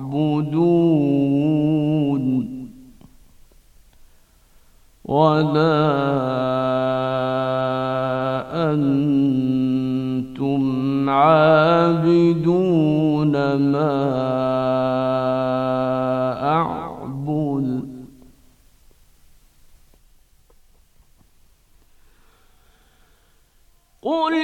تعبدون ولا أنتم عابدون ما أعبد قل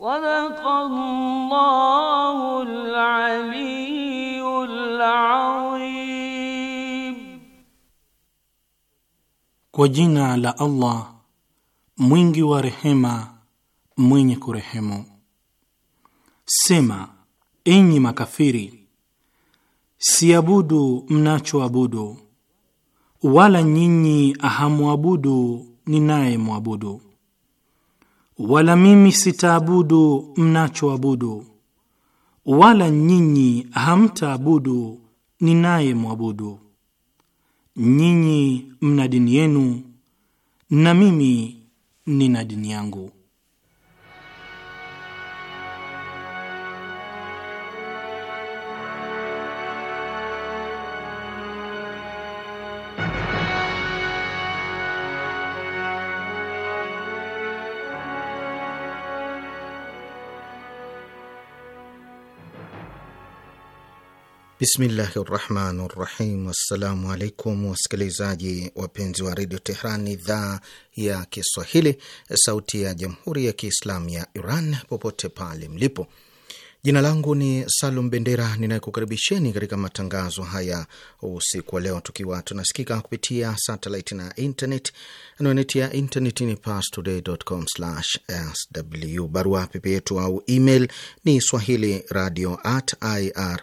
Kwa jina la Allah mwingi wa rehema mwenye kurehemu. Sema, enyi makafiri, siabudu mnachoabudu, wala nyinyi ahamuabudu ninaye mwabudu wala mimi sitaabudu mnachoabudu, wala nyinyi hamtaabudu mwabudu Nyinyi mna dini yenu na mimi nina dini yangu. Bismillahi rahmani rahim. Wassalamu alaikum wasikilizaji wapenzi wa redio Tehran, idhaa ya Kiswahili, sauti ya jamhuri ya kiislamu ya Iran, popote pale mlipo. Jina langu ni Salum Bendera ninayekukaribisheni katika matangazo haya usiku wa leo, tukiwa tunasikika kupitia satellite na internet. Anwani ya internet ni pastodaycom sw Barua pepe yetu au email ni swahili radio at ir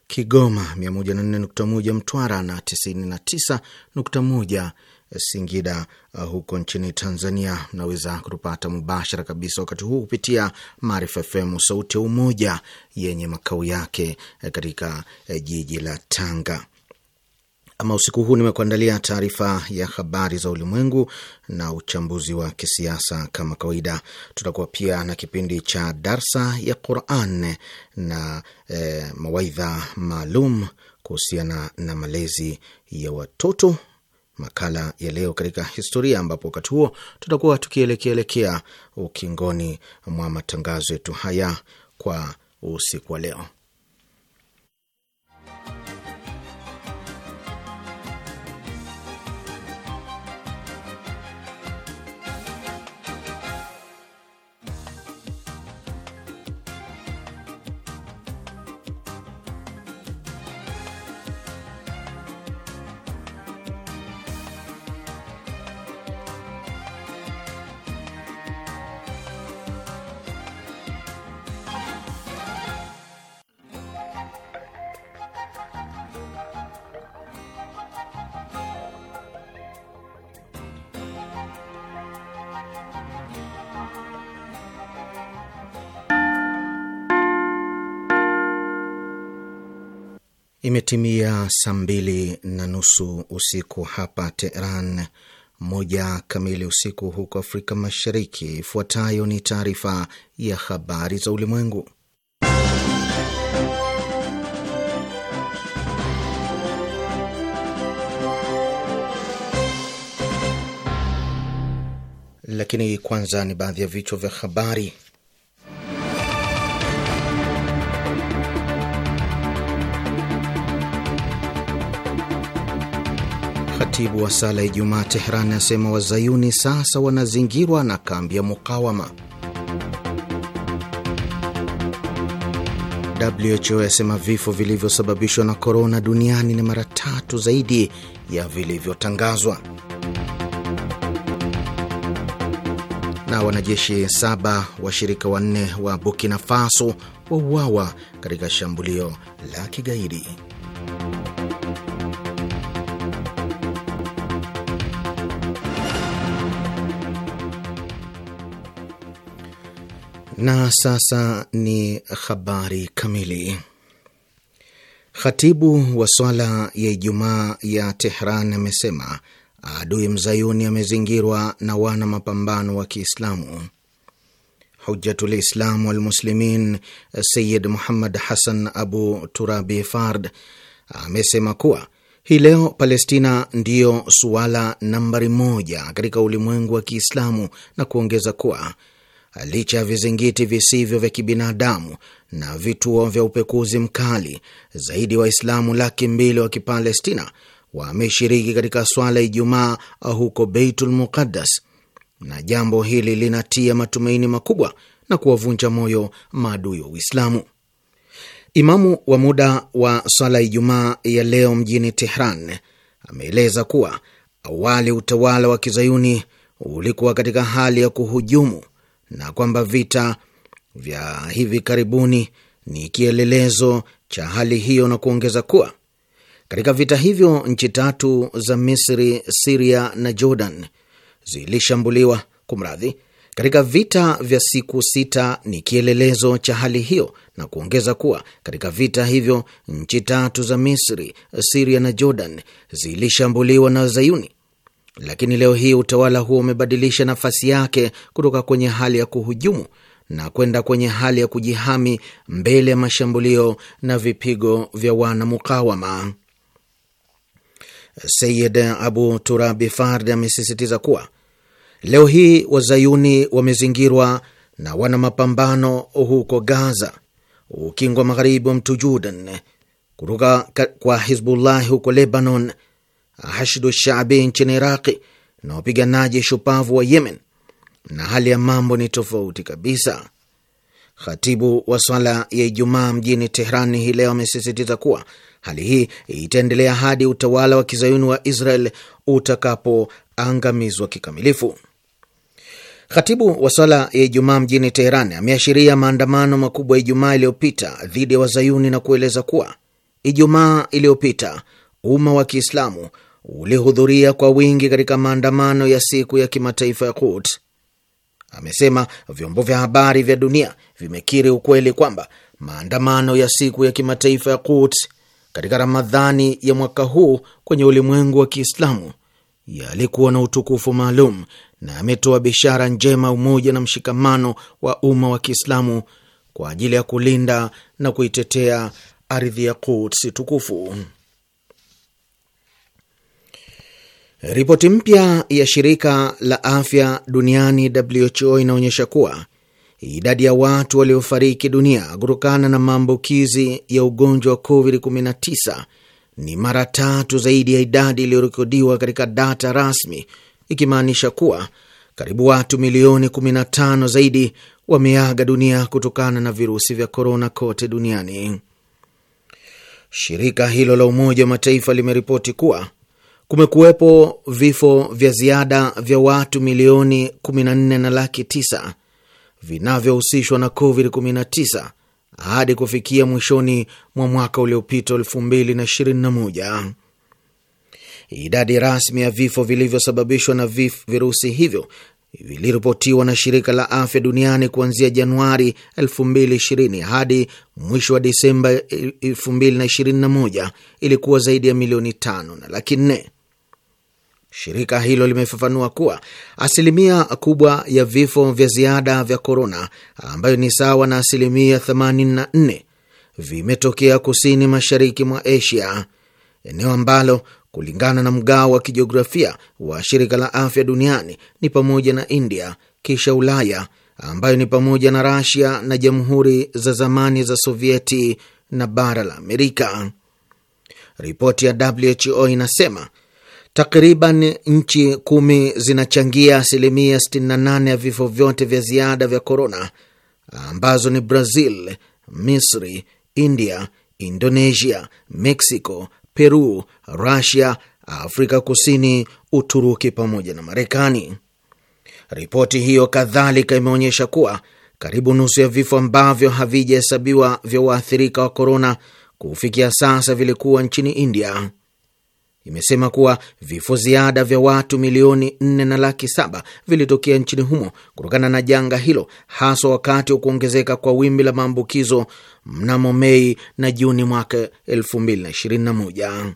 Kigoma, 104.1 Mtwara na 99.1 Singida. Uh, huko nchini Tanzania mnaweza kutupata mubashara kabisa wakati huu kupitia Maarifa FM sauti ya umoja yenye makao yake eh, katika eh, jiji la Tanga. Ama usiku huu nimekuandalia taarifa ya habari za ulimwengu na uchambuzi wa kisiasa. Kama kawaida, tutakuwa pia na kipindi cha darsa ya Quran na e, mawaidha maalum kuhusiana na malezi ya watoto, makala ya leo katika historia, ambapo wakati huo tutakuwa tukielekeelekea ukingoni mwa matangazo yetu haya kwa usiku wa leo. saa mbili na nusu usiku hapa Teheran, moja kamili usiku huko Afrika Mashariki. Ifuatayo ni taarifa ya habari za ulimwengu, lakini kwanza ni baadhi ya vichwa vya habari. Khatibu wa sala Ijumaa Teheran asema wazayuni sasa wanazingirwa na kambi ya mukawama. WHO yasema vifo vilivyosababishwa na korona duniani ni mara tatu zaidi ya vilivyotangazwa. Na wanajeshi saba washirika wanne wa Burkina Faso wauawa katika shambulio la kigaidi. Na sasa ni habari kamili. Khatibu wa swala ya Ijumaa ya Tehran amesema adui mzayuni amezingirwa na wana mapambano wa Kiislamu. Hujatul Islam Walmuslimin Sayid Muhammad Hassan Abu Turabi Fard amesema kuwa hii leo Palestina ndiyo suala nambari moja katika ulimwengu wa Kiislamu na kuongeza kuwa licha ya vizingiti visivyo vya kibinadamu na vituo vya upekuzi mkali zaidi, Waislamu laki mbili wa Kipalestina wameshiriki katika swala Ijumaa huko Beitul Muqaddas, na jambo hili linatia matumaini makubwa na kuwavunja moyo maadui wa Uislamu. Imamu wa muda wa swala Ijumaa ya leo mjini Tehran ameeleza kuwa awali utawala wa kizayuni ulikuwa katika hali ya kuhujumu na kwamba vita vya hivi karibuni ni kielelezo cha hali hiyo, na kuongeza kuwa katika vita hivyo nchi tatu za Misri, Siria na Jordan zilishambuliwa. Kumradhi, katika vita vya siku sita ni kielelezo cha hali hiyo, na kuongeza kuwa katika vita hivyo nchi tatu za Misri, Siria na Jordan zilishambuliwa na Zayuni lakini leo hii utawala huo umebadilisha nafasi yake kutoka kwenye hali ya kuhujumu na kwenda kwenye hali ya kujihami mbele ya mashambulio na vipigo vya wanamukawama. Sayid Abu Turabi Fard amesisitiza kuwa leo hii wazayuni wamezingirwa na wana mapambano huko Gaza, ukingo magharibi wa mtu Jordan, kutoka kwa Hizbullahi huko Lebanon Hashdu Shabi nchini Iraqi na wapiganaji shupavu wa Yemen, na hali ya mambo ni tofauti kabisa. Khatibu wa swala ya Ijumaa mjini Tehran hii leo amesisitiza kuwa hali hii itaendelea hadi utawala wa kizayuni wa Israel utakapoangamizwa kikamilifu. Khatibu wa swala ya Ijumaa mjini Teheran ameashiria maandamano makubwa ya Ijumaa iliyopita dhidi ya wazayuni na kueleza kuwa Ijumaa iliyopita umma wa Kiislamu ulihudhuria kwa wingi katika maandamano ya siku ya kimataifa ya Quds. Amesema vyombo vya habari vya dunia vimekiri ukweli kwamba maandamano ya siku ya kimataifa ya Quds katika Ramadhani ya mwaka huu kwenye ulimwengu wa Kiislamu yalikuwa na utukufu maalum na ametoa bishara njema, umoja na mshikamano wa umma wa Kiislamu kwa ajili ya kulinda na kuitetea ardhi ya Quds tukufu. Ripoti mpya ya shirika la afya duniani WHO inaonyesha kuwa idadi ya watu waliofariki dunia kutokana na maambukizi ya ugonjwa wa COVID-19 ni mara tatu zaidi ya idadi iliyorekodiwa katika data rasmi, ikimaanisha kuwa karibu watu milioni 15 zaidi wameaga dunia kutokana na virusi vya korona kote duniani. Shirika hilo la Umoja wa Mataifa limeripoti kuwa kumekuwepo vifo vya ziada vya watu milioni 14 na laki 9 vinavyohusishwa na COVID-19 hadi kufikia mwishoni mwa mwaka uliopita 2021. Idadi rasmi ya vifo vilivyosababishwa na vif virusi hivyo viliripotiwa na shirika la afya duniani kuanzia Januari 2020 hadi mwisho wa Disemba 2021 ilikuwa zaidi ya milioni tano na laki nne. Shirika hilo limefafanua kuwa asilimia kubwa ya vifo vya ziada vya korona, ambayo ni sawa na asilimia 84, vimetokea kusini mashariki mwa Asia, eneo ambalo kulingana na mgao wa kijiografia wa shirika la afya duniani ni pamoja na India, kisha Ulaya ambayo ni pamoja na Rasia na jamhuri za zamani za Sovieti na bara la Amerika. Ripoti ya WHO inasema Takriban nchi kumi zinachangia asilimia 68 ya vifo vyote vya ziada vya korona ambazo ni Brazil, Misri, India, Indonesia, Mexico, Peru, Rusia, Afrika Kusini, Uturuki pamoja na Marekani. Ripoti hiyo kadhalika imeonyesha kuwa karibu nusu ya vifo ambavyo havijahesabiwa vya waathirika wa korona kufikia sasa vilikuwa nchini India imesema kuwa vifo ziada vya watu milioni nne na laki saba vilitokea nchini humo kutokana na janga hilo, haswa wakati wa kuongezeka kwa wimbi la maambukizo mnamo Mei na Juni mwaka 2021.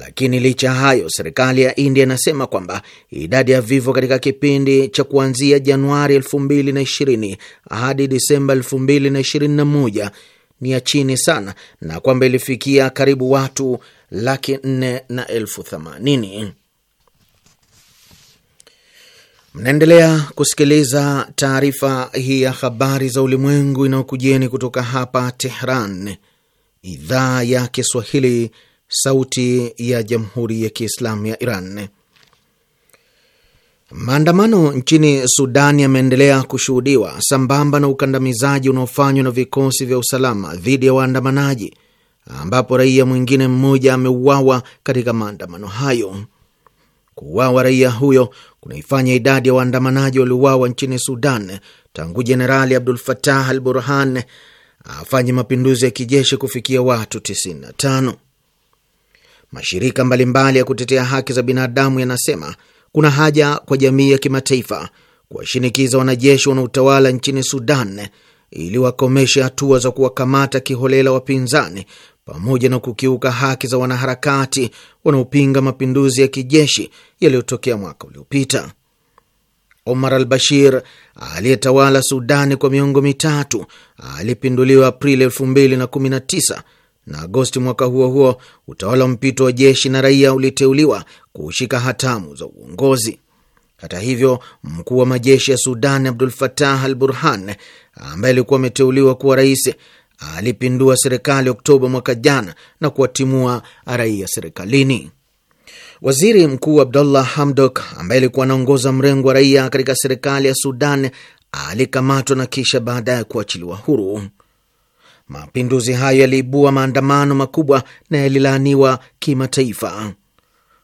Lakini licha ya hayo, serikali ya India inasema kwamba idadi ya vifo katika kipindi cha kuanzia Januari 2020 hadi Disemba 221 ni ya chini sana na kwamba ilifikia karibu watu laki nne na elfu themanini. Mnaendelea kusikiliza taarifa hii ya habari za ulimwengu inayokujieni kutoka hapa Tehran, idhaa ya Kiswahili, sauti ya jamhuri ya kiislamu ya Iran. Maandamano nchini Sudan yameendelea kushuhudiwa sambamba na ukandamizaji unaofanywa na vikosi vya usalama dhidi ya waandamanaji ambapo raia mwingine mmoja ameuawa katika maandamano hayo. Kuuawa raia huyo kunaifanya idadi ya waandamanaji waliouawa nchini Sudan tangu Jenerali Abdul Fatah al Burhan afanye mapinduzi ya kijeshi kufikia watu 95. Mashirika mbalimbali mbali ya kutetea haki za binadamu yanasema kuna haja kwa jamii ya kimataifa kuwashinikiza wanajeshi wanaotawala nchini Sudan ili wakomeshe hatua za kuwakamata kiholela wapinzani pamoja na kukiuka haki za wanaharakati wanaopinga mapinduzi ya kijeshi yaliyotokea mwaka uliopita. Omar al Bashir aliyetawala Sudani kwa miongo mitatu alipinduliwa Aprili 219 na na Agosti mwaka huo huo utawala wa mpito wa jeshi na raia uliteuliwa kushika hatamu za uongozi. Hata hivyo, mkuu wa majeshi ya sudani Abdul Fatah al Burhan ambaye alikuwa ameteuliwa kuwa rais alipindua serikali Oktoba mwaka jana na kuwatimua raia serikalini. Waziri Mkuu Abdullah Hamdok, ambaye alikuwa anaongoza mrengo wa raia katika serikali ya Sudan, alikamatwa na kisha baadaye kuachiliwa huru. Mapinduzi hayo yaliibua maandamano makubwa na yalilaaniwa kimataifa.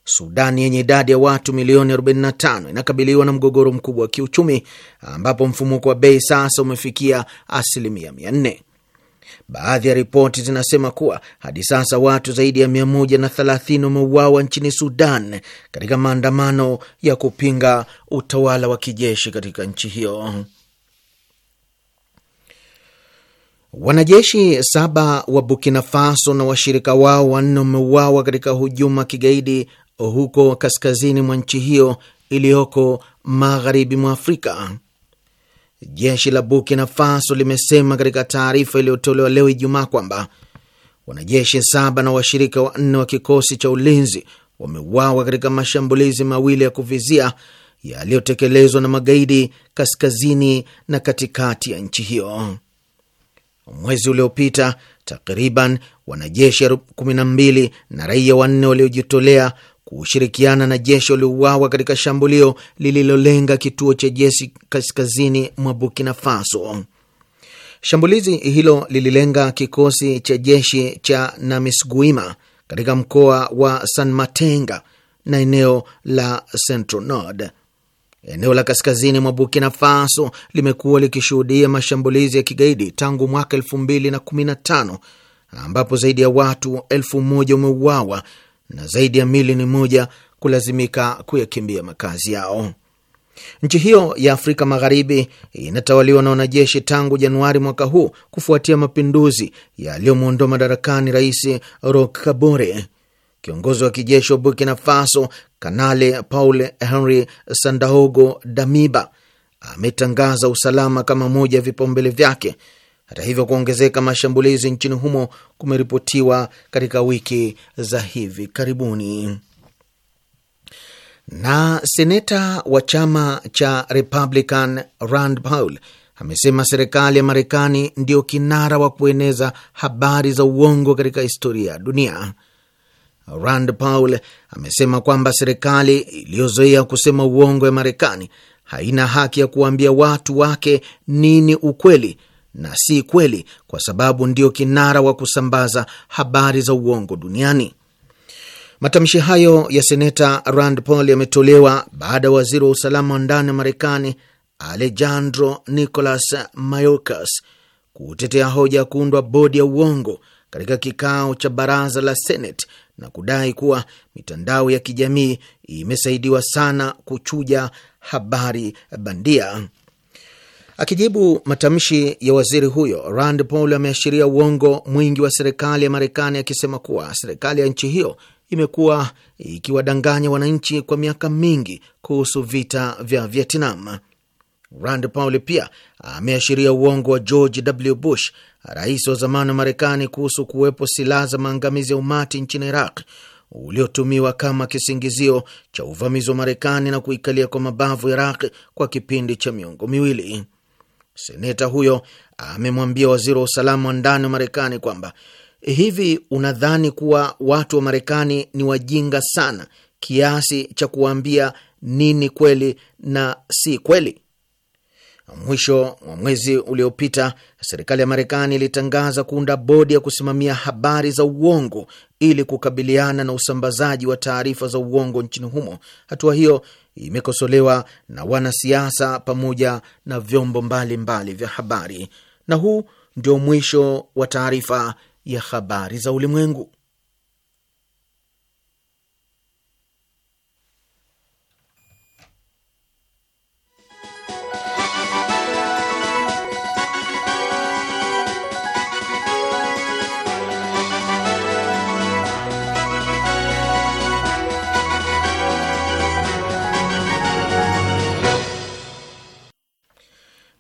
Sudani yenye idadi ya watu milioni 45 inakabiliwa na mgogoro mkubwa wa kiuchumi ambapo mfumuko wa bei sasa umefikia asilimia 4 Baadhi ya ripoti zinasema kuwa hadi sasa watu zaidi ya 130 wameuawa nchini Sudan katika maandamano ya kupinga utawala wa kijeshi katika nchi hiyo. Wanajeshi saba wa Burkina Faso na washirika wao wanne wameuawa katika hujuma kigaidi huko kaskazini mwa nchi hiyo iliyoko magharibi mwa Afrika. Jeshi la Burkina Faso limesema katika taarifa iliyotolewa leo Ijumaa kwamba wanajeshi saba na washirika wanne wa kikosi cha ulinzi wameuawa katika mashambulizi mawili ya kuvizia yaliyotekelezwa na magaidi kaskazini na katikati ya nchi hiyo. Mwezi uliopita takriban wanajeshi 12 na raia wanne waliojitolea kushirikiana na jeshi waliouawa katika shambulio lililolenga kituo cha jeshi kaskazini mwa Burkina Faso. Shambulizi hilo lililenga kikosi cha jeshi cha Namisguima katika mkoa wa San Matenga na eneo la Central Nord. Eneo la kaskazini mwa Burkina Faso limekuwa likishuhudia mashambulizi ya kigaidi tangu mwaka elfu mbili na kumi na tano ambapo zaidi ya watu elfu moja wameuawa na zaidi ya milioni moja kulazimika kuyakimbia makazi yao. Nchi hiyo ya Afrika Magharibi inatawaliwa na wanajeshi tangu Januari mwaka huu kufuatia mapinduzi yaliyomwondoa madarakani Rais Roch Kabore. Kiongozi wa kijeshi wa Burkina Faso, Kanale Paul Henri Sandaogo Damiba ametangaza usalama kama moja ya vipaumbele vyake hata hivyo, kuongezeka mashambulizi nchini humo kumeripotiwa katika wiki za hivi karibuni. Na seneta wa chama cha Republican Rand Paul amesema serikali ya Marekani ndiyo kinara wa kueneza habari za uongo katika historia ya dunia. Rand Paul amesema kwamba serikali iliyozoea kusema uongo ya Marekani haina haki ya kuwaambia watu wake nini ukweli na si kweli, kwa sababu ndio kinara wa kusambaza habari za uongo duniani. Matamshi hayo ya seneta Rand Paul yametolewa baada ya waziri wa usalama wa ndani wa Marekani Alejandro Nicolas Mayorkas kutetea hoja ya kuundwa bodi ya uongo katika kikao cha baraza la Senate na kudai kuwa mitandao ya kijamii imesaidiwa sana kuchuja habari bandia. Akijibu matamshi ya waziri huyo, Rand Paul ameashiria uongo mwingi wa serikali ya Marekani akisema kuwa serikali ya nchi hiyo imekuwa ikiwadanganya wananchi kwa miaka mingi kuhusu vita vya Vietnam. Rand Paul pia ameashiria uongo wa George W. Bush, rais wa zamani wa Marekani, kuhusu kuwepo silaha za maangamizi ya umati nchini Iraq uliotumiwa kama kisingizio cha uvamizi wa Marekani na kuikalia kwa mabavu Iraq kwa kipindi cha miongo miwili. Seneta huyo amemwambia waziri wa usalama wa ndani wa Marekani kwamba hivi unadhani kuwa watu wa Marekani ni wajinga sana kiasi cha kuwaambia nini kweli na si kweli? Mwisho wa mwezi uliopita, serikali ya Marekani ilitangaza kuunda bodi ya kusimamia habari za uongo ili kukabiliana na usambazaji wa taarifa za uongo nchini humo. Hatua hiyo imekosolewa na wanasiasa pamoja na vyombo mbalimbali vya habari. Na huu ndio mwisho wa taarifa ya habari za ulimwengu.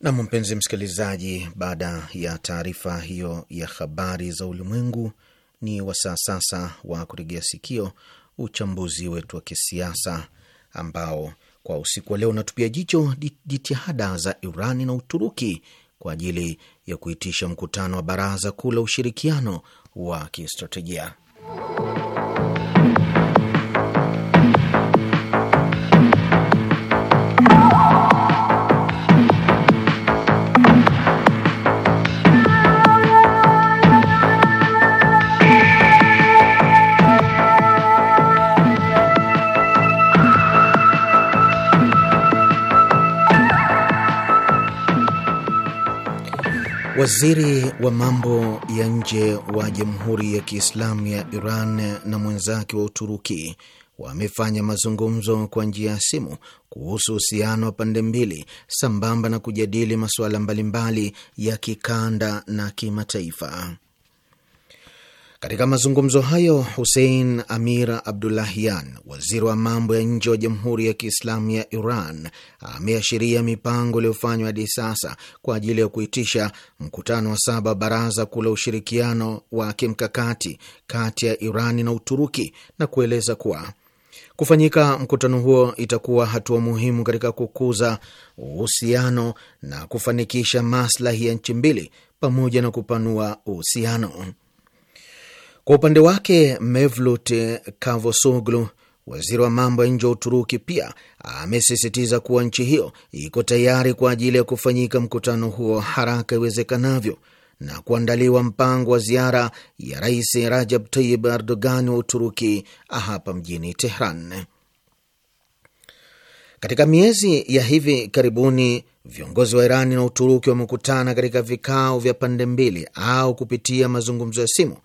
Nam, mpenzi msikilizaji, baada ya taarifa hiyo ya habari za ulimwengu, ni wasaa sasa wa kuregea sikio uchambuzi wetu wa kisiasa ambao kwa usiku wa leo unatupia jicho jitihada za Irani na Uturuki kwa ajili ya kuitisha mkutano wa Baraza Kuu la Ushirikiano wa Kistratejia. Waziri wa mambo ya nje wa Jamhuri ya Kiislamu ya Iran na mwenzake wa Uturuki wamefanya mazungumzo kwa njia ya simu kuhusu uhusiano wa pande mbili sambamba na kujadili masuala mbalimbali ya kikanda na kimataifa. Katika mazungumzo hayo Hussein Amir Abdullahian, waziri wa mambo ya nje wa Jamhuri ya Kiislamu ya Iran, ameashiria mipango iliyofanywa hadi sasa kwa ajili ya kuitisha mkutano wa saba Baraza Kuu la Ushirikiano wa Kimkakati kati ya iran na Uturuki na kueleza kuwa kufanyika mkutano huo itakuwa hatua muhimu katika kukuza uhusiano na kufanikisha maslahi ya nchi mbili pamoja na kupanua uhusiano. Kwa upande wake Mevlut Cavusoglu, waziri wa mambo ya nje wa Uturuki, pia amesisitiza kuwa nchi hiyo iko tayari kwa ajili ya kufanyika mkutano huo haraka iwezekanavyo na kuandaliwa mpango wa ziara ya Rais Rajab Tayyip Erdogan wa Uturuki hapa mjini Tehran. Katika miezi ya hivi karibuni viongozi wa Irani na Uturuki wamekutana katika vikao vya pande mbili au kupitia mazungumzo ya simu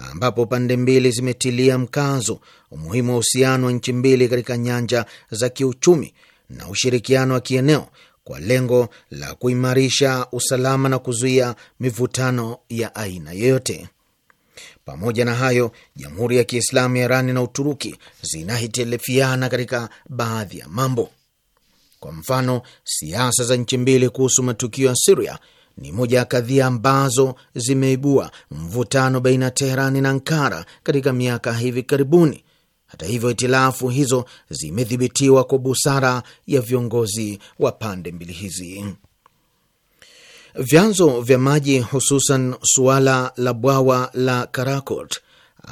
ambapo pande mbili zimetilia mkazo umuhimu wa uhusiano wa nchi mbili katika nyanja za kiuchumi na ushirikiano wa kieneo kwa lengo la kuimarisha usalama na kuzuia mivutano ya aina yoyote. Pamoja na hayo, Jamhuri ya Kiislamu ya Irani na Uturuki zinahitilafiana katika baadhi ya mambo. Kwa mfano, siasa za nchi mbili kuhusu matukio ya Siria ni moja ya kadhia ambazo zimeibua mvutano baina ya Teherani na Ankara katika miaka hivi karibuni. Hata hivyo, itilafu hizo zimedhibitiwa kwa busara ya viongozi wa pande mbili hizi. Vyanzo vya maji hususan suala la bwawa la Karakot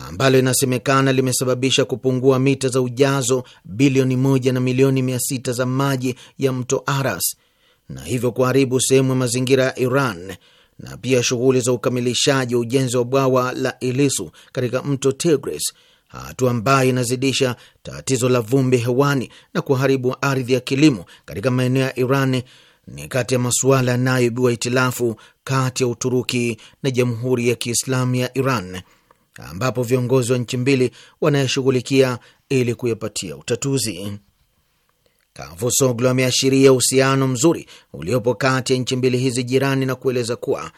ambalo inasemekana limesababisha kupungua mita za ujazo bilioni moja na milioni mia sita za maji ya mto Aras na hivyo kuharibu sehemu ya mazingira ya Iran na pia shughuli za ukamilishaji wa ujenzi wa bwawa la Ilisu katika mto Tigris, hatua ambayo inazidisha tatizo la vumbi hewani na kuharibu ardhi ya kilimo katika maeneo ya Iran ni kati ya masuala yanayoibua itilafu kati ya Uturuki na Jamhuri ya Kiislamu ya Iran, ambapo viongozi wa nchi mbili wanayeshughulikia ili kuyapatia utatuzi. Cavusoglu ameashiria uhusiano mzuri uliopo kati ya nchi mbili hizi jirani na kueleza kuwa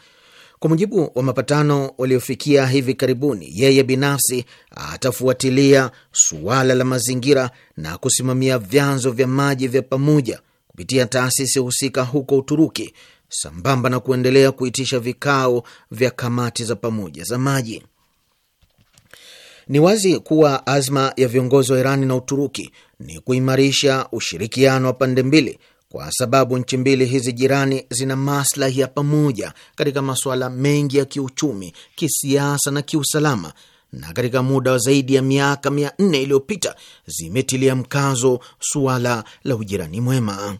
kwa mujibu wa mapatano waliofikia hivi karibuni, yeye binafsi atafuatilia suala la mazingira na kusimamia vyanzo vya maji vya pamoja kupitia taasisi husika huko Uturuki, sambamba na kuendelea kuitisha vikao vya kamati za pamoja za maji. Ni wazi kuwa azma ya viongozi wa Irani na Uturuki ni kuimarisha ushirikiano wa pande mbili, kwa sababu nchi mbili hizi jirani zina maslahi ya pamoja katika masuala mengi ya kiuchumi, kisiasa na kiusalama, na katika muda wa zaidi ya miaka mia nne iliyopita zimetilia mkazo suala la ujirani mwema.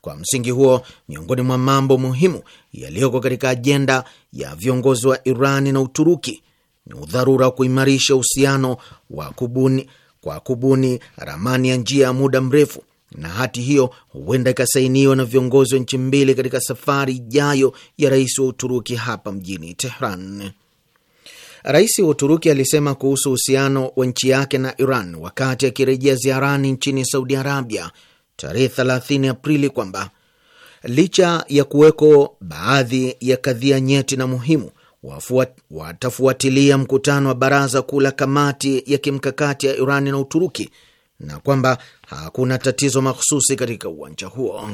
Kwa msingi huo, miongoni mwa mambo muhimu yaliyoko katika ajenda ya viongozi wa Irani na Uturuki ni udharura wa kuimarisha uhusiano wa kubuni kwa kubuni ramani ya njia ya muda mrefu, na hati hiyo huenda ikasainiwa na viongozi wa nchi mbili katika safari ijayo ya rais wa Uturuki hapa mjini Tehran. Rais wa Uturuki alisema kuhusu uhusiano wa nchi yake na Iran wakati akirejea ziarani nchini Saudi Arabia tarehe 30 Aprili kwamba licha ya kuweko baadhi ya kadhia nyeti na muhimu watafuatilia mkutano wa baraza kuu la kamati ya kimkakati ya Irani na Uturuki na kwamba hakuna tatizo mahususi katika uwanja huo.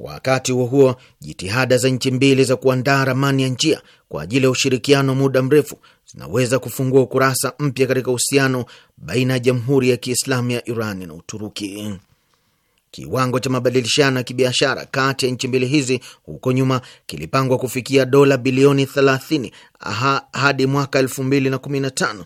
Wakati huo huo, jitihada za nchi mbili za kuandaa ramani ya njia kwa ajili ya ushirikiano muda mrefu zinaweza kufungua ukurasa mpya katika uhusiano baina ya Jamhuri ya Kiislamu ya Irani na Uturuki. Kiwango cha mabadilishano ya kibiashara kati ya nchi mbili hizi huko nyuma kilipangwa kufikia dola bilioni 30 hadi mwaka 2015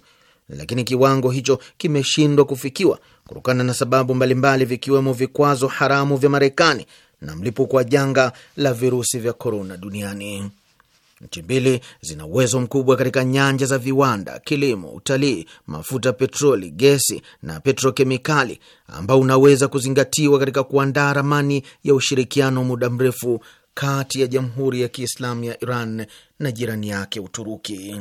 lakini kiwango hicho kimeshindwa kufikiwa kutokana na sababu mbalimbali vikiwemo vikwazo haramu vya Marekani na mlipuko wa janga la virusi vya korona duniani. Nchi mbili zina uwezo mkubwa katika nyanja za viwanda, kilimo, utalii, mafuta petroli, gesi na petrokemikali, ambao unaweza kuzingatiwa katika kuandaa ramani ya ushirikiano muda mrefu kati ya Jamhuri ya Kiislamu ya Iran na jirani yake Uturuki.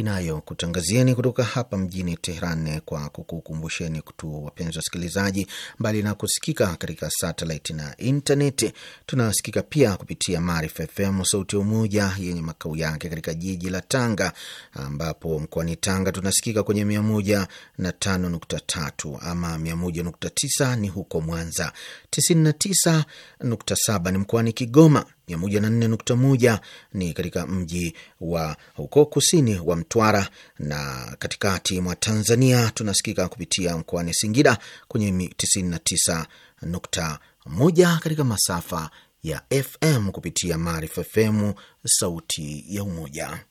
inayokutangazieni kutoka hapa mjini Tehran, kwa kukukumbusheni kutu, wapenzi wasikilizaji, mbali na kusikika katika satelit na intaneti, tunasikika pia kupitia Maarifa FM sauti ya Umoja yenye makao yake katika jiji la Tanga, ambapo mkoani Tanga tunasikika kwenye mia moja na tano nukta tatu ama mia moja nukta tisa ni huko Mwanza, tisini na tisa nukta saba ni mkoani Kigoma 104.1 ni katika mji wa huko kusini wa Mtwara, na katikati mwa Tanzania tunasikika kupitia mkoani Singida kwenye 99.1 katika masafa ya FM kupitia Maarifa FM, sauti ya Umoja.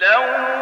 Hello.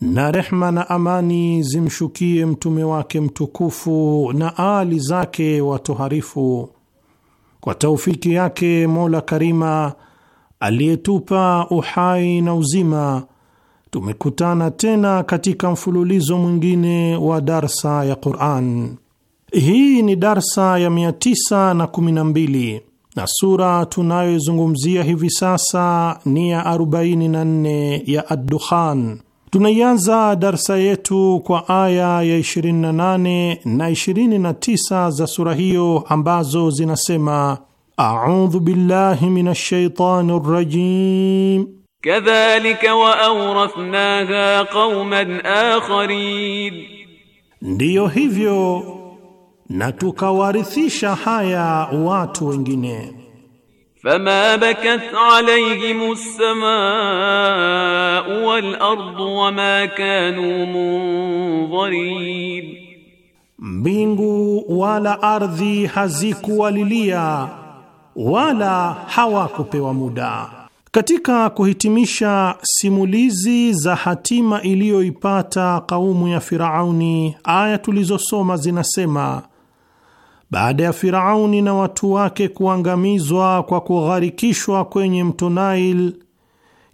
na rehma na amani zimshukie mtume wake mtukufu na aali zake watoharifu. Kwa taufiki yake Mola Karima aliyetupa uhai na uzima, tumekutana tena katika mfululizo mwingine wa darsa ya Quran. Hii ni darsa ya 912 na sura tunayoizungumzia hivi sasa ni ya 44 ya Addukhan Tunaianza darsa yetu kwa aya ya 28 na 29 za sura hiyo ambazo zinasema: audhu billahi minash shaitani rajim, kadhalika wa awrathnaha qauman akharin, ndiyo hivyo na tukawarithisha haya watu wengine فما بكت عليهم السماء والأرض وما كانوا منظرين mbingu wala ardhi hazikuwalilia wala hawakupewa muda. Katika kuhitimisha simulizi za hatima iliyoipata kaumu ya Firauni, aya tulizosoma zinasema baada ya Firauni na watu wake kuangamizwa kwa kugharikishwa kwenye mto Nile,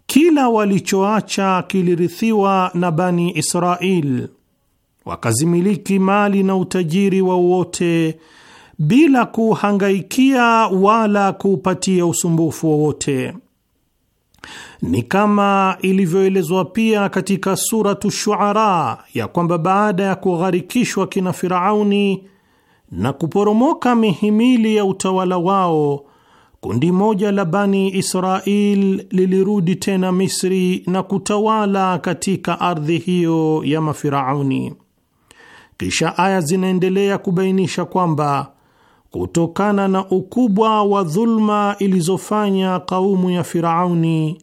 kila walichoacha kilirithiwa na Bani israel wakazimiliki mali na utajiri wa wote bila kuhangaikia wala kuupatia usumbufu wowote. Ni kama ilivyoelezwa pia katika Suratu Shuara ya kwamba baada ya kugharikishwa kina Firauni na kuporomoka mihimili ya utawala wao, kundi moja la Bani israel lilirudi tena Misri na kutawala katika ardhi hiyo ya mafirauni. Kisha aya zinaendelea kubainisha kwamba kutokana na ukubwa wa dhulma ilizofanya kaumu ya Firauni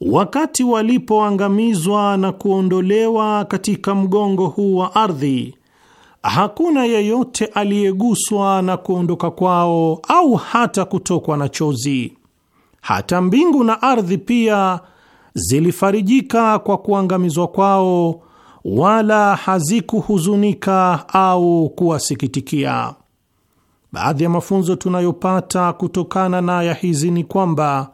wakati walipoangamizwa na kuondolewa katika mgongo huu wa ardhi hakuna yeyote aliyeguswa na kuondoka kwao au hata kutokwa na chozi. Hata mbingu na ardhi pia zilifarijika kwa kuangamizwa kwao, wala hazikuhuzunika au kuwasikitikia. Baadhi ya mafunzo tunayopata kutokana na aya hizi ni kwamba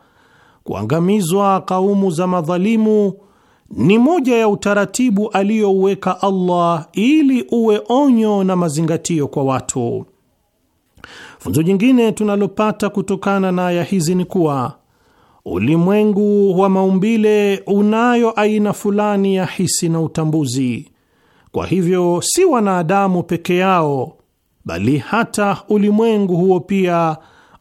kuangamizwa kaumu za madhalimu ni moja ya utaratibu aliyouweka Allah ili uwe onyo na mazingatio kwa watu. Funzo jingine tunalopata kutokana na aya hizi ni kuwa ulimwengu wa maumbile unayo aina fulani ya hisi na utambuzi. Kwa hivyo si wanadamu peke yao, bali hata ulimwengu huo pia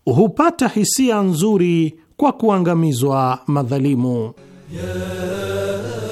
hupata hisia nzuri kwa kuangamizwa madhalimu. Yeah.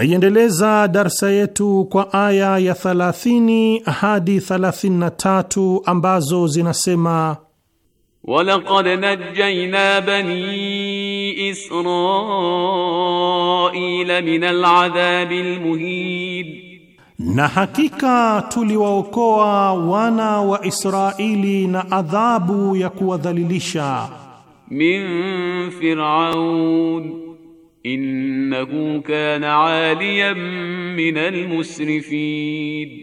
Tunaiendeleza darsa yetu kwa aya ya 30 hadi 33 ambazo zinasema Walaqad najjayna bani Israila min al'adhabi almuhin, na hakika tuliwaokoa wana wa Israili na adhabu ya kuwadhalilisha. Min Firaun innahu kana aliyan min almusrifin,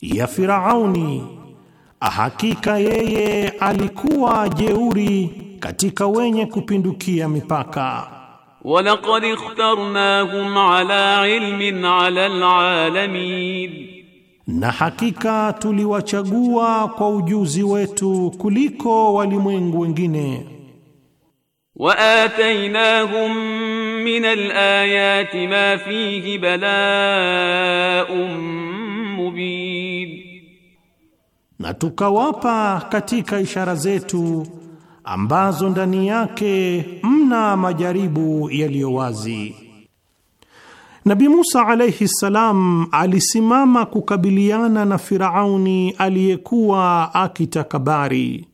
ya Firauni, hakika yeye alikuwa jeuri katika wenye kupindukia mipaka. walaqad ikhtarnahum ala ilmin ala alalamin, na hakika tuliwachagua kwa ujuzi wetu kuliko walimwengu wengine. وآتيناهم من الآيات ما فيه بلاء مبين na tukawapa katika ishara zetu ambazo ndani yake mna majaribu yaliyo wazi. Nabi Musa alayhi salam alisimama kukabiliana na Firauni aliyekuwa akitakabari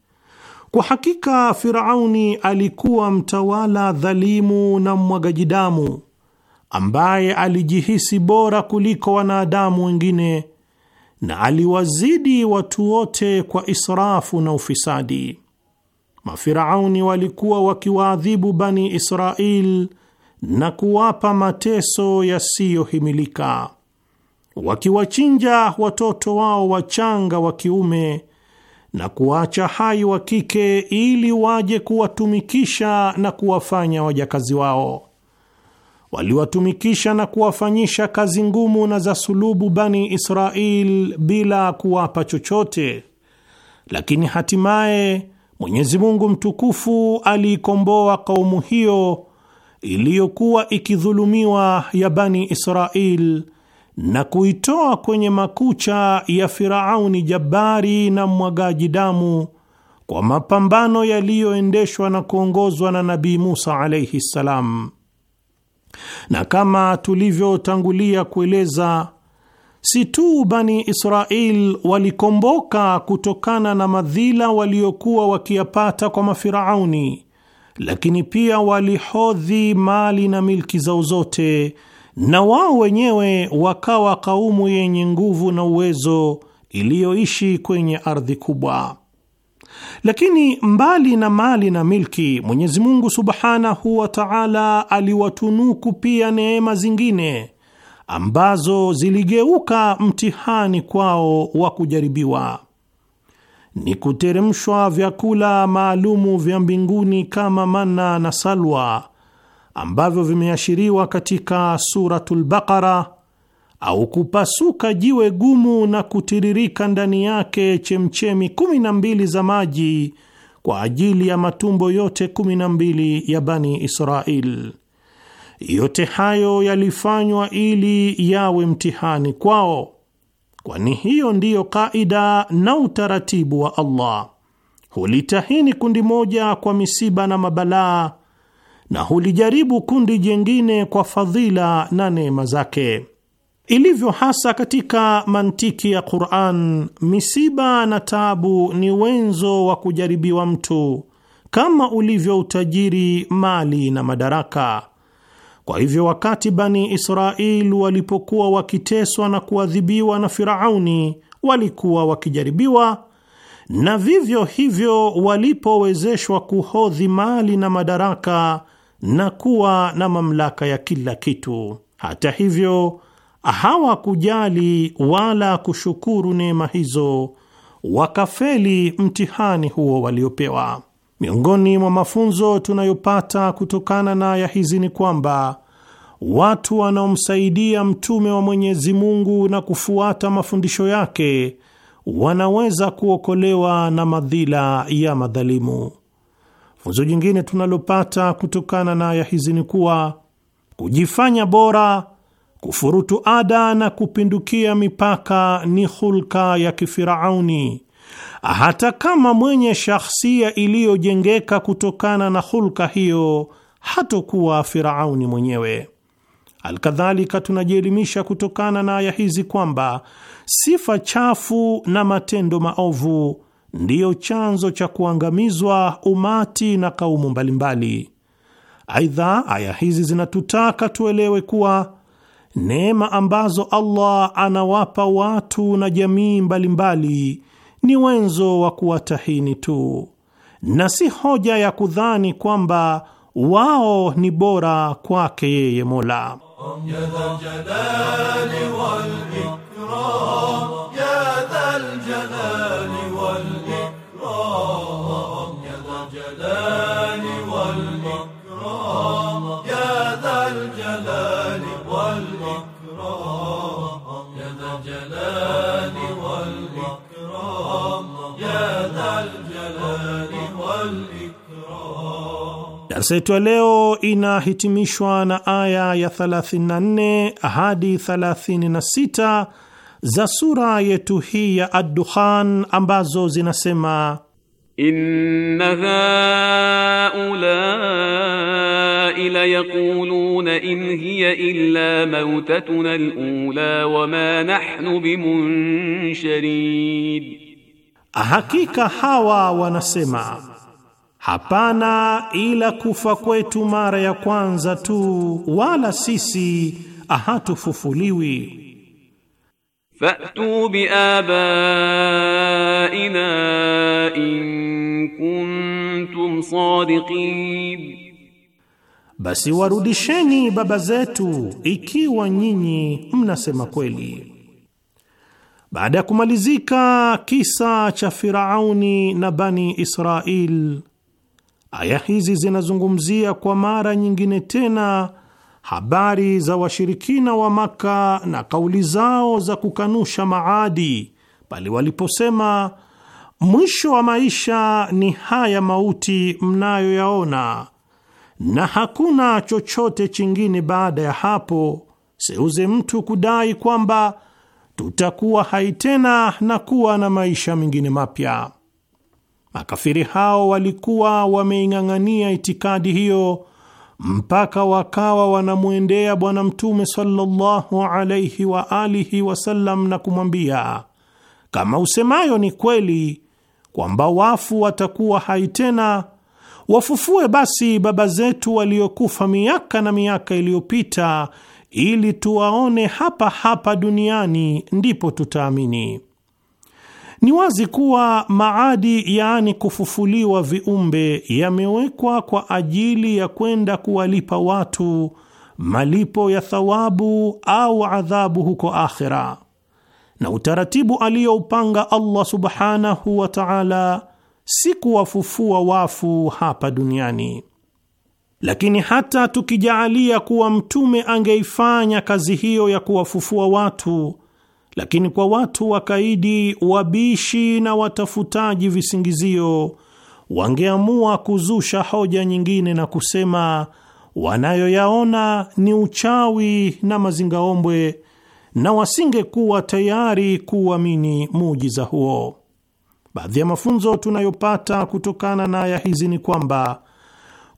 kwa hakika Firauni alikuwa mtawala dhalimu na mwagaji damu ambaye alijihisi bora kuliko wanadamu wengine na aliwazidi watu wote kwa israfu na ufisadi. Mafirauni walikuwa wakiwaadhibu Bani israel na kuwapa mateso yasiyohimilika, wakiwachinja watoto wao wachanga wa kiume na kuwaacha hai wa kike ili waje kuwatumikisha na kuwafanya wajakazi wao. Waliwatumikisha na kuwafanyisha kazi ngumu na za sulubu Bani israel bila kuwapa chochote, lakini hatimaye Mwenyezi Mungu mtukufu aliikomboa kaumu hiyo iliyokuwa ikidhulumiwa ya Bani israel na kuitoa kwenye makucha ya Firauni jabari na mwagaji damu kwa mapambano yaliyoendeshwa na kuongozwa na Nabii Musa alaihi ssalam. Na kama tulivyotangulia kueleza, si tu Bani israel walikomboka kutokana na madhila waliokuwa wakiyapata kwa mafirauni, lakini pia walihodhi mali na milki zao zote na wao wenyewe wakawa kaumu yenye nguvu na uwezo iliyoishi kwenye ardhi kubwa. Lakini mbali na mali na milki, Mwenyezi Mungu Subhanahu wa Ta'ala aliwatunuku pia neema zingine ambazo ziligeuka mtihani kwao wa kujaribiwa. Ni kuteremshwa vyakula maalumu vya mbinguni kama manna na salwa ambavyo vimeashiriwa katika Suratul Baqara au kupasuka jiwe gumu na kutiririka ndani yake chemchemi kumi na mbili za maji kwa ajili ya matumbo yote kumi na mbili ya Bani Israil. Yote hayo yalifanywa ili yawe mtihani kwao, kwani hiyo ndiyo kaida na utaratibu wa Allah. Hulitahini kundi moja kwa misiba na mabalaa na hulijaribu kundi jengine kwa fadhila na neema zake. Ilivyo hasa katika mantiki ya Qur'an, misiba na taabu ni wenzo wa kujaribiwa mtu kama ulivyo utajiri, mali na madaraka. Kwa hivyo, wakati Bani israel walipokuwa wakiteswa na kuadhibiwa na Firauni, walikuwa wakijaribiwa na vivyo hivyo walipowezeshwa kuhodhi mali na madaraka na kuwa na mamlaka ya kila kitu. Hata hivyo, hawakujali wala kushukuru neema hizo, wakafeli mtihani huo waliopewa. Miongoni mwa mafunzo tunayopata kutokana na aya hizi ni kwamba watu wanaomsaidia mtume wa Mwenyezi Mungu na kufuata mafundisho yake wanaweza kuokolewa na madhila ya madhalimu. Funzo jingine tunalopata kutokana na aya hizi ni kuwa kujifanya bora, kufurutu ada na kupindukia mipaka ni hulka ya kifirauni, hata kama mwenye shahsia iliyojengeka kutokana na hulka hiyo hatokuwa firauni mwenyewe. Alkadhalika, tunajielimisha kutokana na aya hizi kwamba sifa chafu na matendo maovu ndiyo chanzo cha kuangamizwa umati na kaumu mbalimbali. Aidha, aya hizi zinatutaka tuelewe kuwa neema ambazo Allah anawapa watu na jamii mbalimbali ni wenzo wa kuwatahini tu na si hoja ya kudhani kwamba wao ni bora kwake yeye Mola. Darsa yetu ya leo inahitimishwa na aya ya 34 hadi 36 za sura yetu hii ya Ad-Dukhan ambazo zinasema: inna haulai la in hiya illa mautatuna alula wama nahnu bimunsharid, hakika hawa wanasema Hapana ila kufa kwetu mara ya kwanza tu, wala sisi hatufufuliwi. Fatu biabaina in kuntum sadiqin, basi warudisheni baba zetu ikiwa nyinyi mnasema kweli. Baada ya kumalizika kisa cha Firauni na Bani Israil Aya hizi zinazungumzia kwa mara nyingine tena habari za washirikina wa Maka na kauli zao za kukanusha maadi pale waliposema mwisho wa maisha ni haya mauti mnayoyaona, na hakuna chochote chingine baada ya hapo, seuze mtu kudai kwamba tutakuwa hai tena na kuwa na maisha mengine mapya. Makafiri hao walikuwa wameing'ang'ania itikadi hiyo mpaka wakawa wanamwendea Bwana Mtume sallallahu alaihi wa alihi wasallam na kumwambia, kama usemayo ni kweli kwamba wafu watakuwa hai tena, wafufue basi baba zetu waliokufa miaka na miaka iliyopita, ili tuwaone hapa hapa duniani, ndipo tutaamini. Ni wazi kuwa maadi, yaani kufufuliwa viumbe, yamewekwa kwa ajili ya kwenda kuwalipa watu malipo ya thawabu au adhabu huko akhira, na utaratibu aliyoupanga Allah subhanahu wa ta'ala si kuwafufua wafu hapa duniani. Lakini hata tukijaalia kuwa mtume angeifanya kazi hiyo ya kuwafufua watu lakini kwa watu wakaidi, wabishi na watafutaji visingizio, wangeamua kuzusha hoja nyingine na kusema wanayoyaona ni uchawi na mazingaombwe, na wasingekuwa tayari kuuamini muujiza huo. Baadhi ya mafunzo tunayopata kutokana na aya hizi ni kwamba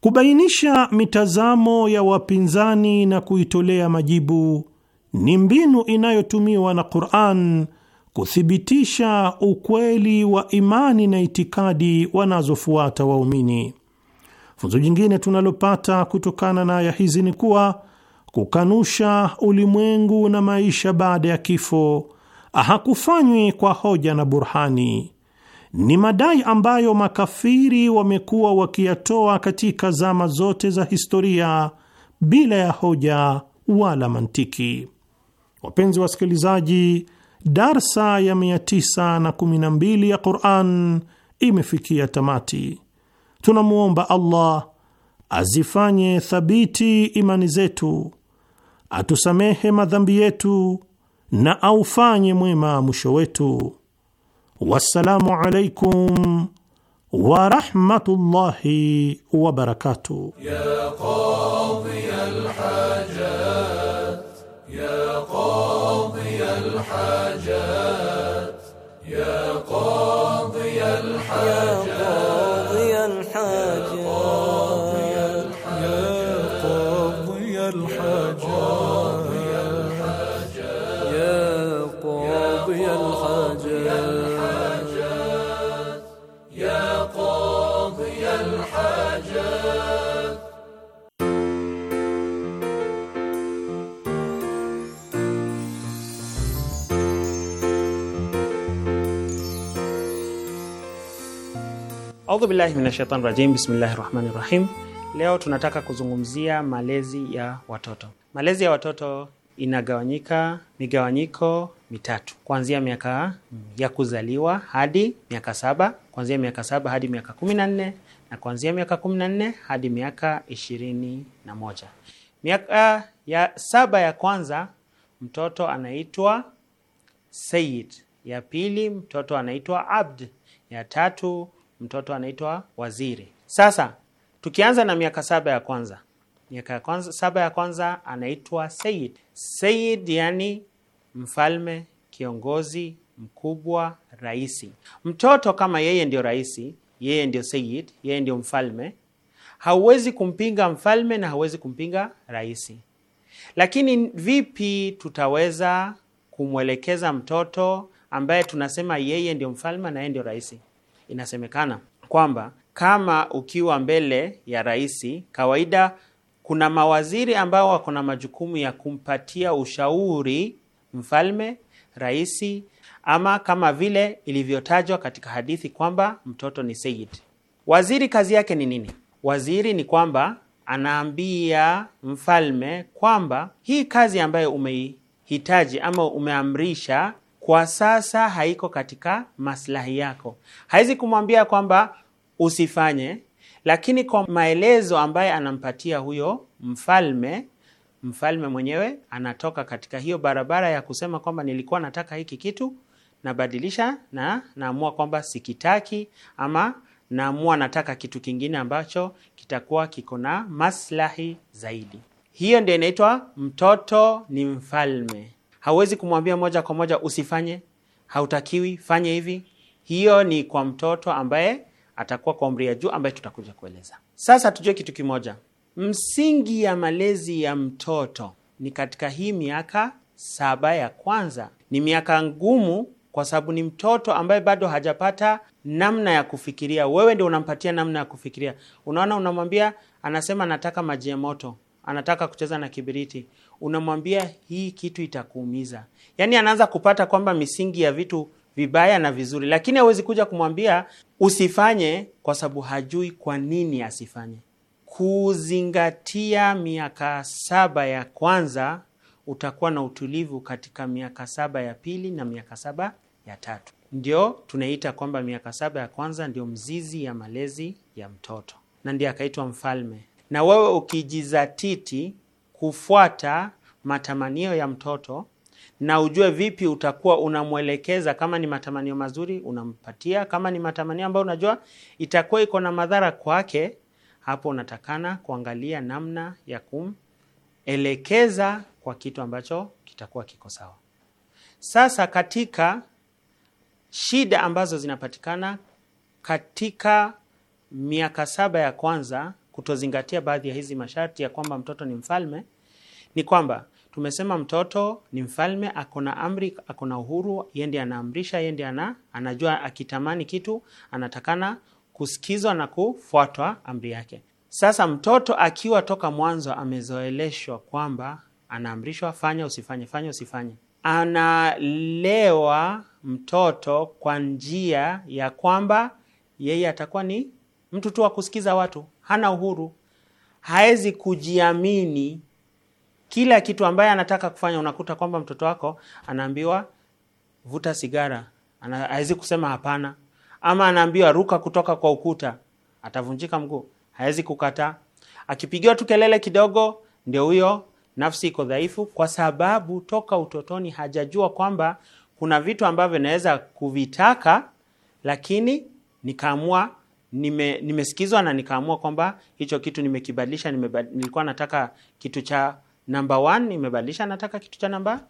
kubainisha mitazamo ya wapinzani na kuitolea majibu ni mbinu inayotumiwa na Qur'an kuthibitisha ukweli wa imani na itikadi wanazofuata waumini. Funzo jingine tunalopata kutokana na aya hizi ni kuwa kukanusha ulimwengu na maisha baada ya kifo hakufanywi kwa hoja na burhani. Ni madai ambayo makafiri wamekuwa wakiyatoa katika zama zote za historia bila ya hoja wala mantiki. Wapenzi wasikilizaji, darsa ya 912 ya Quran imefikia tamati. Tunamwomba Allah azifanye thabiti imani zetu, atusamehe madhambi yetu na aufanye mwema mwisho wetu. Wassalamu alaikum warahmatullahi wabarakatuh. Audhu billahi minashaitani rajim. Bismillahi rahmani rahim. Leo tunataka kuzungumzia malezi ya watoto. Malezi ya watoto inagawanyika migawanyiko mitatu, kuanzia miaka ya kuzaliwa hadi miaka saba, kuanzia miaka saba hadi miaka kumi na nne na kuanzia miaka kumi na nne hadi miaka ishirini na moja. Miaka ya saba ya kwanza mtoto anaitwa sayid ya pili mtoto anaitwa Abd, ya tatu mtoto anaitwa Waziri. Sasa tukianza na miaka saba ya kwanza, miaka ya kwanza, saba ya kwanza anaitwa Said. Said yani mfalme, kiongozi mkubwa, raisi. Mtoto kama yeye ndio raisi, yeye ndio Said, yeye ndio mfalme, hauwezi kumpinga mfalme na hauwezi kumpinga raisi. Lakini vipi tutaweza kumwelekeza mtoto ambaye tunasema yeye ndio mfalme na yeye ndio raisi? inasemekana kwamba kama ukiwa mbele ya raisi kawaida kuna mawaziri ambao wako na majukumu ya kumpatia ushauri mfalme, raisi ama kama vile ilivyotajwa katika hadithi kwamba mtoto ni Sayyid. Waziri kazi yake ni nini? Waziri ni kwamba anaambia mfalme kwamba hii kazi ambayo umeihitaji ama umeamrisha kwa sasa haiko katika maslahi yako. Hawezi kumwambia kwamba usifanye, lakini kwa maelezo ambaye anampatia huyo mfalme, mfalme mwenyewe anatoka katika hiyo barabara ya kusema kwamba nilikuwa nataka hiki kitu, nabadilisha na naamua kwamba sikitaki, ama naamua nataka kitu kingine ambacho kitakuwa kiko na maslahi zaidi. Hiyo ndio inaitwa mtoto ni mfalme hauwezi kumwambia moja kwa moja usifanye, hautakiwi fanye hivi. Hiyo ni kwa mtoto ambaye atakuwa kwa umri ya juu, ambaye tutakuja kueleza. Sasa tujue kitu kimoja, msingi ya malezi ya mtoto ni katika hii miaka saba ya kwanza. Ni miaka ngumu kwa sababu ni mtoto ambaye bado hajapata namna ya kufikiria. Wewe ndio unampatia namna ya kufikiria. Unaona, unamwambia, anasema anataka maji ya moto, anataka kucheza na kibiriti unamwambia hii kitu itakuumiza. Yaani anaanza kupata kwamba misingi ya vitu vibaya na vizuri, lakini hawezi kuja kumwambia usifanye, kwa sababu hajui kwa nini asifanye. Kuzingatia miaka saba ya kwanza, utakuwa na utulivu katika miaka saba ya pili na miaka saba ya tatu. Ndio tunaita kwamba miaka saba ya kwanza ndio mzizi ya malezi ya mtoto, na ndio akaitwa mfalme. Na wewe ukijizatiti kufuata matamanio ya mtoto na ujue vipi utakuwa unamwelekeza. Kama ni matamanio mazuri unampatia, kama ni matamanio ambayo unajua itakuwa iko na madhara kwake, hapo unatakana kuangalia namna ya kumelekeza kwa kitu ambacho kitakuwa kiko sawa. Sasa katika shida ambazo zinapatikana katika miaka saba ya kwanza kutozingatia baadhi ya hizi masharti ya kwamba mtoto ni mfalme ni kwamba tumesema mtoto ni mfalme, ako na amri, ako na uhuru, yeye ndiye anaamrisha, yeye ndiye ana, anajua akitamani kitu anatakana kusikizwa na kufuatwa amri yake. Sasa mtoto akiwa toka mwanzo amezoeleshwa kwamba anaamrishwa fanya, usifanye, fanya, usifanye, analewa mtoto kwa njia ya kwamba yeye atakuwa ni mtu tu wa kusikiza watu hana uhuru, hawezi kujiamini. Kila kitu ambaye anataka kufanya, unakuta kwamba mtoto wako anaambiwa vuta sigara, hawezi kusema hapana, ama anaambiwa ruka kutoka kwa ukuta, atavunjika mguu, hawezi kukataa. Akipigiwa tu kelele kidogo, ndio huyo nafsi iko dhaifu, kwa sababu toka utotoni hajajua kwamba kuna vitu ambavyo naweza kuvitaka, lakini nikaamua nime, nimesikizwa na nikaamua kwamba hicho kitu nimekibadilisha. Nilikuwa nataka kitu cha namba nimebadilisha nataka kitu cha namba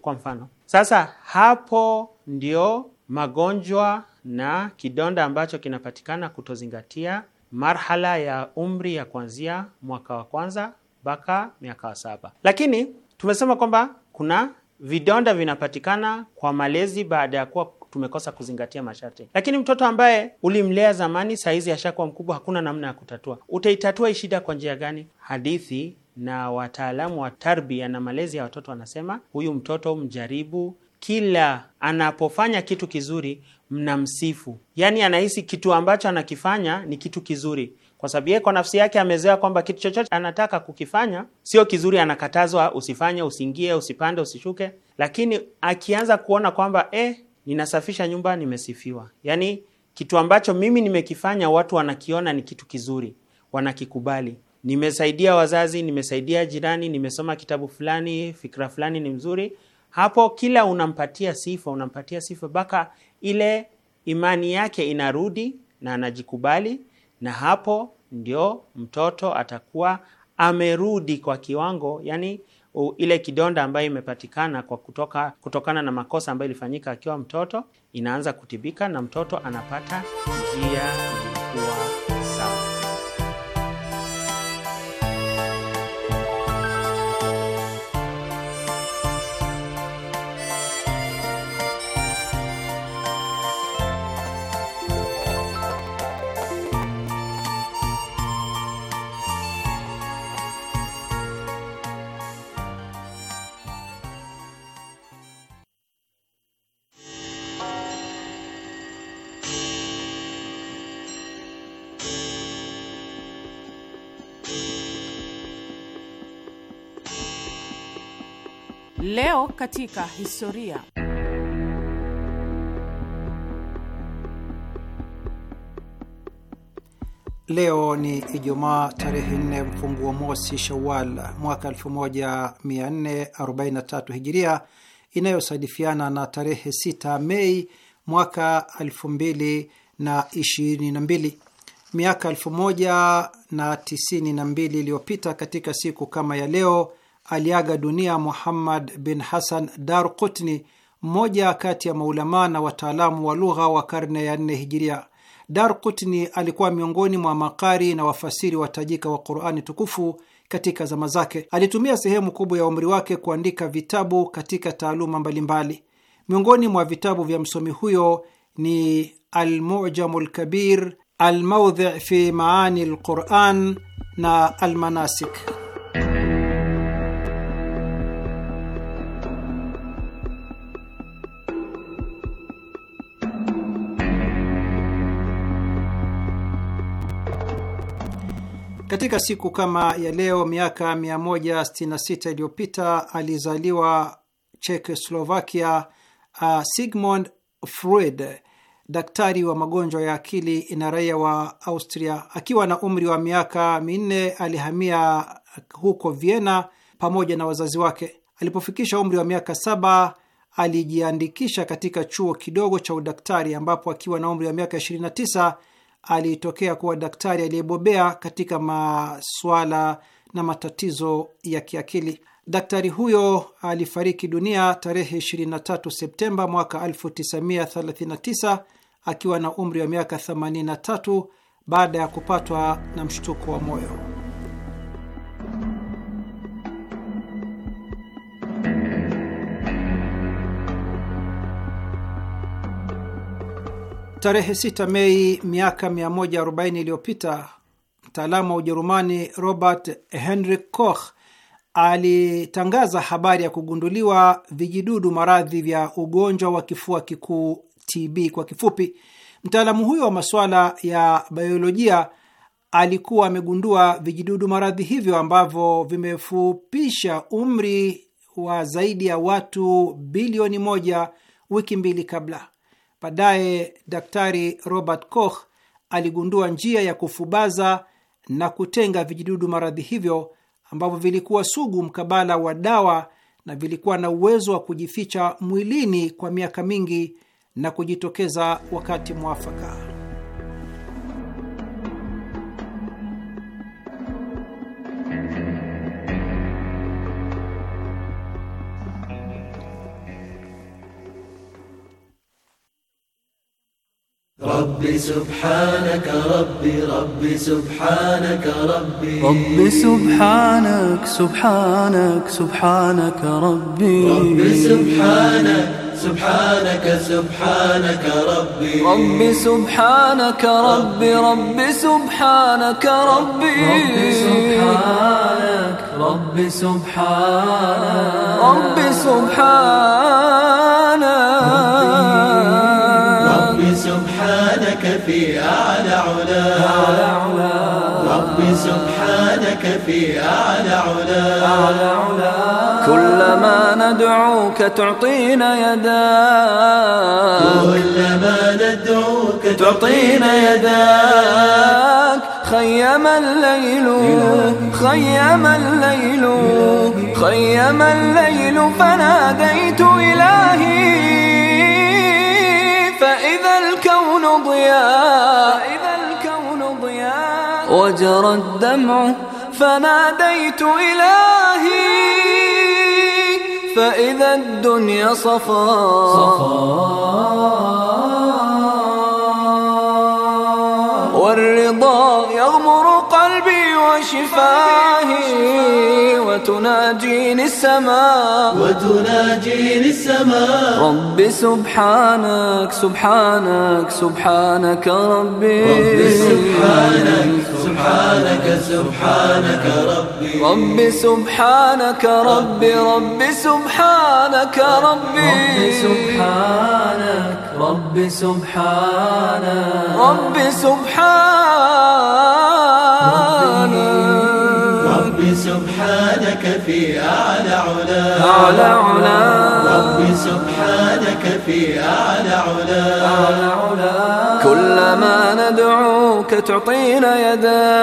kwa mfano. Sasa hapo ndio magonjwa na kidonda ambacho kinapatikana kutozingatia marhala ya umri ya kuanzia mwaka wa kwanza mpaka miaka wa saba. Lakini tumesema kwamba kuna vidonda vinapatikana kwa malezi baada ya kuwa tumekosa kuzingatia masharti. Lakini mtoto ambaye ulimlea zamani, saa ashakuwa mkubwa, hakuna namna ya kutatua. Utaitatua hii shida kwa njia gani? Hadithi na wataalamu wa tarbia na malezi ya watoto wanasema, huyu mtoto mjaribu kila anapofanya kitu kizuri mnamsifu, yaani anahisi kitu ambacho anakifanya ni kitu kizuri, kwa sababu yeye kwa nafsi yake amezoea kwamba kitu chochote anataka kukifanya sio kizuri, anakatazwa: usifanye, usiingie, usipande, usishuke. Lakini akianza kuona kwamba eh, ninasafisha nyumba, nimesifiwa. Yaani kitu ambacho mimi nimekifanya watu wanakiona ni kitu kizuri, wanakikubali. Nimesaidia wazazi, nimesaidia jirani, nimesoma kitabu fulani, fikra fulani ni mzuri. Hapo kila unampatia sifa, unampatia sifa mpaka ile imani yake inarudi na anajikubali, na hapo ndio mtoto atakuwa amerudi kwa kiwango yani ile kidonda ambayo imepatikana kwa kutoka, kutokana na makosa ambayo ilifanyika akiwa mtoto inaanza kutibika na mtoto anapata njia kuwa Leo katika historia. Leo ni Ijumaa tarehe mfungu mfunguo mosi Shawal mwaka 1443 Hijiria, inayosadifiana na tarehe 6 Mei mwaka 2022. Miaka 1092 iliyopita katika siku kama ya leo aliaga dunia Muhammad bin Hasan Dar Kutni, mmoja kati ya maulamaa na wataalamu wa lugha wa karne ya nne hijiria. Dar Kutni alikuwa miongoni mwa makari na wafasiri wa tajika wa Qurani tukufu katika zama zake. Alitumia sehemu kubwa ya umri wake kuandika vitabu katika taaluma mbalimbali. Miongoni mwa vitabu vya msomi huyo ni Almujamu Lkabir, Almaudhi fi Maani Lquran na Almanasik. Katika siku kama ya leo miaka 166 iliyopita alizaliwa Chekoslovakia uh, Sigmund Freud, daktari wa magonjwa ya akili na raia wa Austria. Akiwa na umri wa miaka minne alihamia huko Vienna pamoja na wazazi wake. Alipofikisha umri wa miaka saba alijiandikisha katika chuo kidogo cha udaktari ambapo akiwa na umri wa miaka alitokea kuwa daktari aliyebobea katika masuala na matatizo ya kiakili. Daktari huyo alifariki dunia tarehe 23 Septemba mwaka 1939 akiwa na umri wa miaka 83 baada ya kupatwa na mshtuko wa moyo. Tarehe 6 Mei miaka 140 iliyopita mtaalamu wa Ujerumani Robert Henry Koch alitangaza habari ya kugunduliwa vijidudu maradhi vya ugonjwa wa kifua kikuu TB kwa kifupi. Mtaalamu huyo wa masuala ya biolojia alikuwa amegundua vijidudu maradhi hivyo ambavyo vimefupisha umri wa zaidi ya watu bilioni moja wiki mbili kabla. Baadaye Daktari Robert Koch aligundua njia ya kufubaza na kutenga vijidudu maradhi hivyo ambavyo vilikuwa sugu mkabala wa dawa na vilikuwa na uwezo wa kujificha mwilini kwa miaka mingi na kujitokeza wakati mwafaka. ربي سبحانك ربي ربي سبحانك ربي ربي سبحانك سبحانك سبحانك ربي ربي سبحانك سبحانك سبحانك ربي ربي سبحانك ربي ربي سبحانك ربي ربي سبحانك ربي سبحانك ربي سبحانك في أعلى علا ربي سبحانك في أعلى علا كلما ندعوك تعطينا يداك كلما ندعوك تعطينا يداك خيم الليل خيم الليل خيم الليل فناديت إلهي ضياء إذا الكون ضياء وجرى الدمع فناديت إلهي فإذا الدنيا صفاء صفاء والرضا يغمر قلبي وشفاهي وتناجيني السماء وتناجيني السماء رب سبحانك سبحانك سبحانك ربي رب سبحانك سبحانك سبحانك ربي رب سبحانك ربي رب سبحانك ربي رب سبحانك رب سبحانك رب سبحانك سبحانك في أعلى علا أعلى علا رب سبحانك في أعلى علا أعلى علا كلما ندعوك تعطينا يدا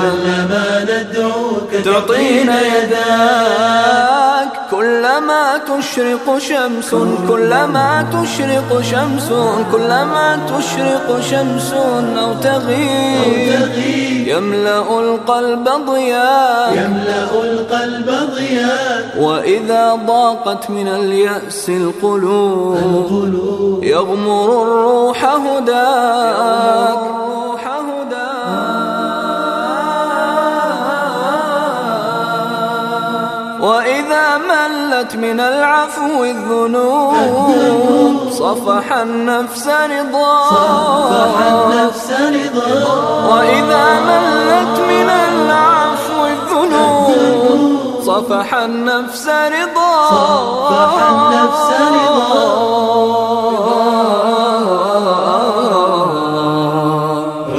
كلما ندعوك تعطينا يدا كلما تشرق شمس كلما تشرق شمس كلما تشرق شمس أو تغيب يملأ القلب ضياء يملأ القلب ضياء وإذا ضاقت من اليأس القلوب يغمر الروح هداك وإذا ملت من العفو الذنوب صفح النفس رضا النفس رضا وإذا ملت من العفو الذنوب النفس رضا صفح النفس رضا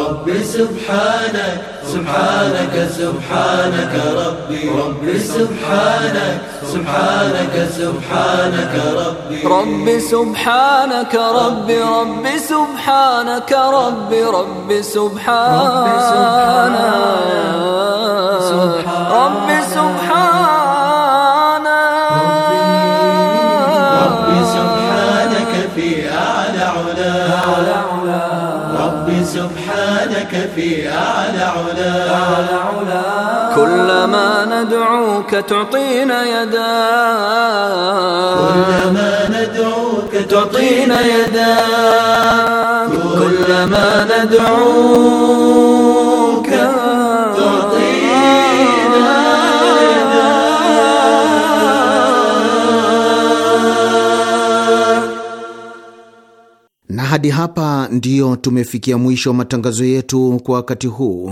ربي سبحانك سبحانك سبحانك رب ربي سبحانك سبحانك سبحانك ربي ربي سبحانك ربي ربي سبحانك ربي ربي سبحانك ربي سبحانك في أعلى علا ربي سبحانك في أعلى علا كلما ندعوك تعطينا يدا كلما ندعوك تعطينا يدا كلما ندعوك تعطينا يدا na hadi hapa ndiyo tumefikia mwisho wa matangazo yetu kwa wakati huu